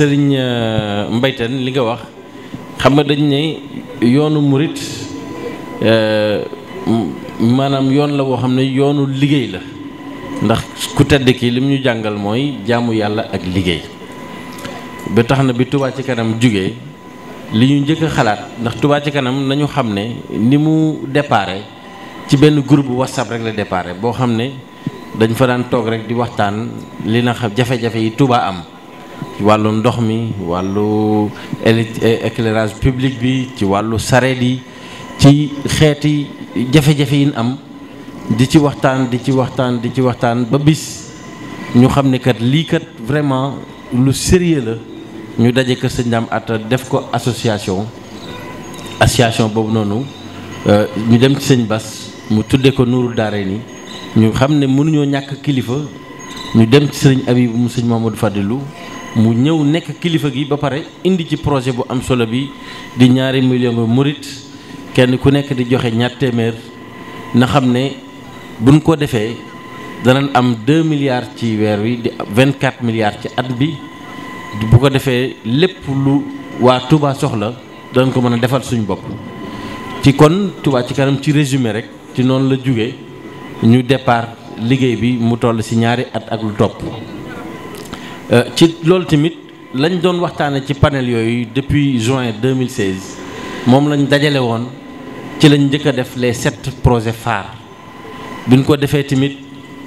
sëriñ euh, mbaytan li nga wax xam nga dañ ne yoonu murit euh, maanaam yoon la woo xam ne yoonu liggéey la ndax ku tedd ki lim ñu jàngal mooy jaamu yàlla ak liggéey ba tax na bi Touba ci kanam jugee li ñu njëkk xalaat ndax Touba ci kanam nañu xam ne ni mu déparé ci benn groupe whatsapp rek la déparé boo xam ne dañ fa daan toog rek di waxtaan li na jafe-jafe yi tubaa am ci wàllu ndox mi wàllu éclairage public bi ci wàllu sareet yi ci xeeti jafe-jafe yi am di ci waxtaan di ci waxtaan di ci waxtaan ba bis ñu xam ne kat lii kat vraiment lu sérieux la ñu daje kër sëñ Ndam Atta def ko association association boobu noonu euh, ñu dem ci sëñ Bas mu tuddee ko Nuurul Daarayni ñu xam ne mënuñoo ñàkk kilifa ñu dem ci sëñ Abibu mu sëñ Mamadou Fadilou mu ñëw nekk kilifa gi ba pare indi ci projet bu am solo bi di ñaari million nga murit kenn ku nekk di joxe ñaar téeméer na xam ne buñ ko defee danañ am 2 milliards ci weer wi di 24 milliards ci at bi bu ko defee lépp lu waa tubaa soxla danañ ko mën a defal suñu bopp ci kon tubaa ci kanam ci résumé rek ci noonu la jóge ñu départ liggéey bi mu toll ci ñaari at ak lu topp Euh, ci loolu tamit lañ doon waxtaane ci panel yooyu depuis juin 2016 moom lañ dajale woon ci lañ njëkk a def les sept projets phares buñ ko defee tamit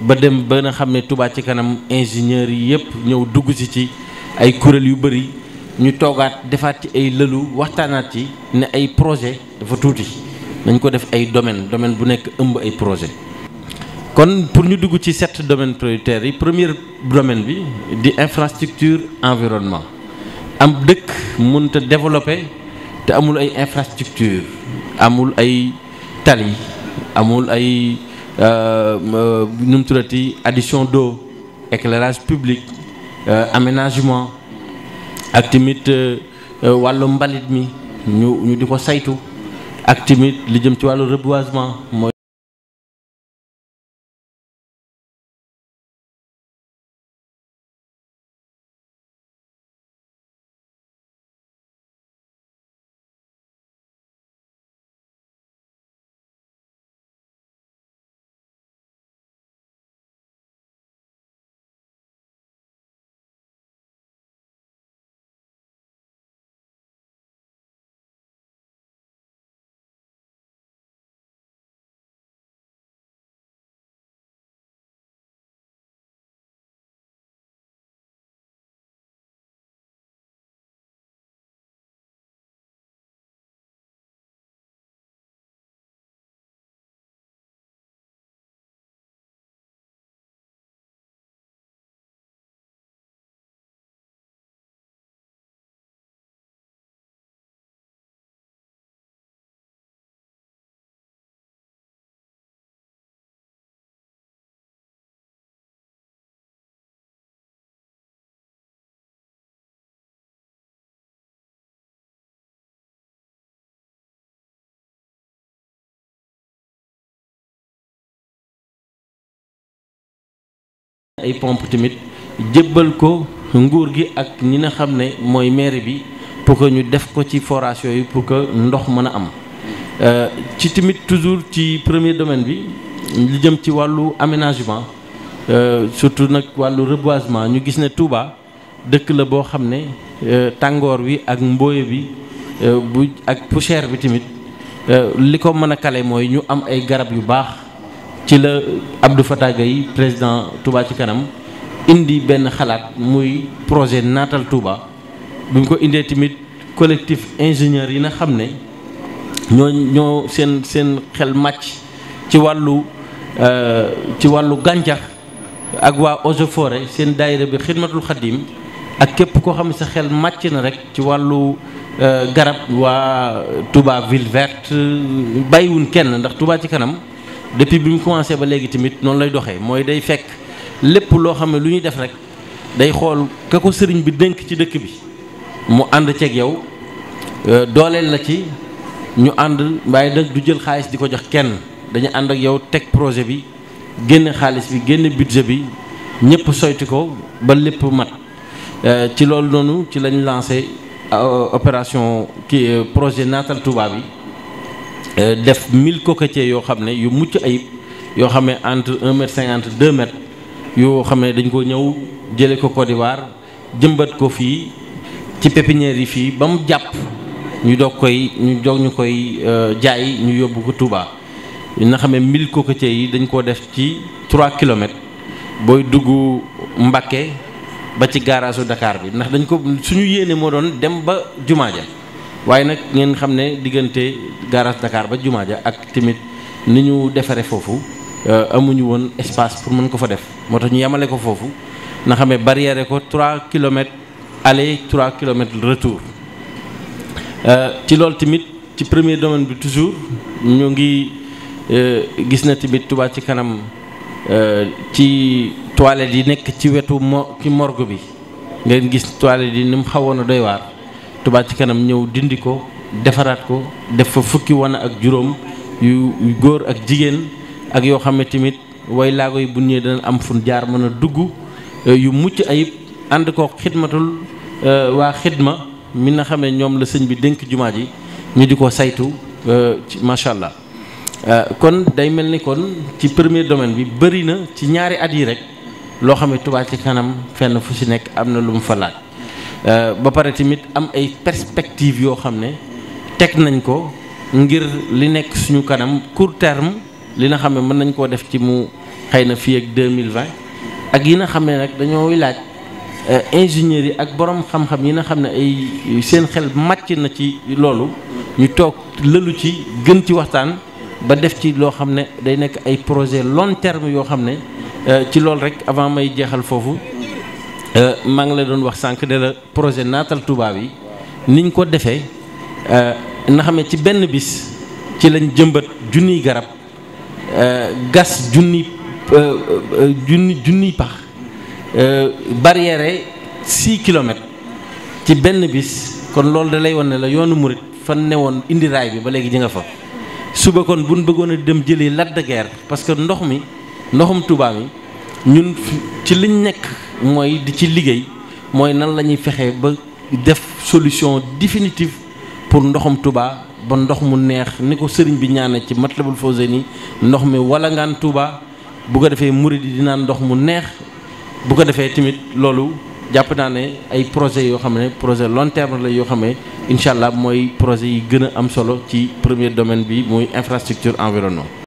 ba dem ba nga xam ne tubaat ci kanam ingénieurs yi yëpp ñëw dugg si ci ay kuréel yu bëri ñu toogaat defaat ci ay lëlu waxtaanaat yi ne ay projet dafa tuuti dañ ko def ay domaine domaine bu nekk ëmb ay projet kon pour ñu dugg ci sept domaines prioritaires yi première domaine bi di infrastructure environnement am dëkk mënut a te amul ay infrastructure amul ay tali amul ay euh, euh, nu mu tuddati addition d'eau éclairage publique euh, aménagement ak tamit wàllu mbalit mi ñu ñu di ko saytu ak tamit li ci wàllu reboisement ay pompe tamit jébbal ko nguur gi ak ñi nga xam ne mooy mairie bi pour que ñu def ko ci forage yooyu pour que ndox mën a am euh, ci tamit toujours ci premier domaine bi li jëm ci wàllu aménagement euh, surtout nag wàllu reboisement ñu gis ne Touba dëkk la boo xam ne euh, tàngoor wi ak mbooye bi bu ak poussière bi tamit li ko mën a kale mooy ñu am ay garab yu baax ci la abdu Fatah Gaye président Touba ci kanam indi benn xalaat muy projet naatal Touba bi mu ko indee tamit collectif ingénieur yi na xam ne ñoo ñoo seen seen xel màcc ci wàllu euh, ci wàllu gàncax ak waa eaux et seen daayira bi xidmatul xadim ak képp koo xam sa xel màcc na rek ci wàllu euh, garab waa Touba ville verte bàyyiwuñ kenn ndax Touba ci kanam depuis bi mu commencé ba léegi tamit noonu lay doxee mooy day fekk lépp loo xam ne lu ñuy def rek day xool ka ko sëriñ bi dénk ci dëkk bi mu ànd ceeg yow euh, dooleel na ci ñu ànd waaye nag du jël xaalis di ko jox kenn dañu ànd ak yow teg projet bi génn xaalis bi génn budget bi ñëpp soytu ko ba lépp mat euh, ci loolu noonu ci lañ lancé euh, opération ki projet Naatal tubaab yi Euh, def mille cocotiers yoo xam ne yu mucc ayib yoo xam ne entre un mètre cinquante deux mètres yoo xam ne dañ ko ñëw jële ko Côte d'Ivoire jëmbat ko fii ci pépinière yi fii ba mu jàpp ñu doog koy ñu jog ñu koy euh, jaay ñu yóbbu ko Touba na xam ne mille cocotiers yi dañ ko def ci trois kilomètres booy dugg Mbacké ba ci gaaraasu Dakar bi ndax dañ ko suñu yéene moo doon dem ba jumaa ja waaye nag ngeen xam ne diggante garage Dakar ba jumaa ja ak tamit ni ñu defare foofu euh, amuñu woon espace pour mën ko fa def moo tax ñu yemale ko foofu na xam ne ko 3 kilomètres aller 3 kilomètres retour euh, ci loolu tamit ci premier domaine bi toujours ñu ngi euh, gis na tamit Touba ci kanam ci toilettes yi nekk ci wetu mo ci morgue bi ngeen gis toilettes yi ni mu xawoon a doy waar tubaat ci kanam ñëw dindi ko defaraat ko def fa fukki wana ak juróom yu góor ak jigéen ak yoo xam ne tamit way laago yi bu ñëwee dana am fun jaar mën a dugg euh, yu mucc ayib ànd ko xidmatul euh, waa xidma mi nga xam ne ñoom la sëñ bi dénk jumaa ji ñu di ko saytu euh, macha allah kon day mel ni kon ci premier domaine bi bëri na ci ñaari at yi rek loo xam ne ci kanam fenn fu si nekk am na lu mu fa laaj Euh, ba pare tamit am ay perspectives yoo xam ne teg nañ ko ngir li nekk suñu kanam court terme li nga xam ne mën nañ koo def ci mu xëy na fii ak 2020 ak yi nga xam ne nag dañooy laaj euh, ingénieurs yi ak borom xam-xam yi na xam ne ay seen xel màcc na ci loolu ñu toog lëlu ci gën ci waxtaan ba def ci loo xam ne day nekk ay projet long terme yoo xam ne euh, ci loolu rek avant may jeexal foofu Euh, maa ngi la doon wax sànq de la projet naatal tubaab yi niñ ko defee euh, na xam ci benn bis ci lañ jëmbat junniy garab euh, gas junni junni junniy pax barrière six kilomètres ci benn bis kon loolu da lay wan ne la yoonu murit fan ne woon indi bi ba léegi ji nga fa suba kon buñ bëggoon a dem jëli Lac de Guiers parce que ndox mi ndoxum Touba mi ñun ci liñ nekk mooy di ci liggéey mooy nan la ñuy fexe ba def solution définitive pour ndoxum tubaa ba ndox mu neex ni ko sëriñ bi ñaane ci Matlabul Fawzayni ndox mi wala ngaan Touba bu ko defee murid yi naan ndox mu neex bu ko defee tamit loolu jàpp naa ne ay projet yoo xam ne projet long terme la yoo xam ne incha allah mooy projet yi gën a am solo ci premier domaine bi muy infrastructure environnement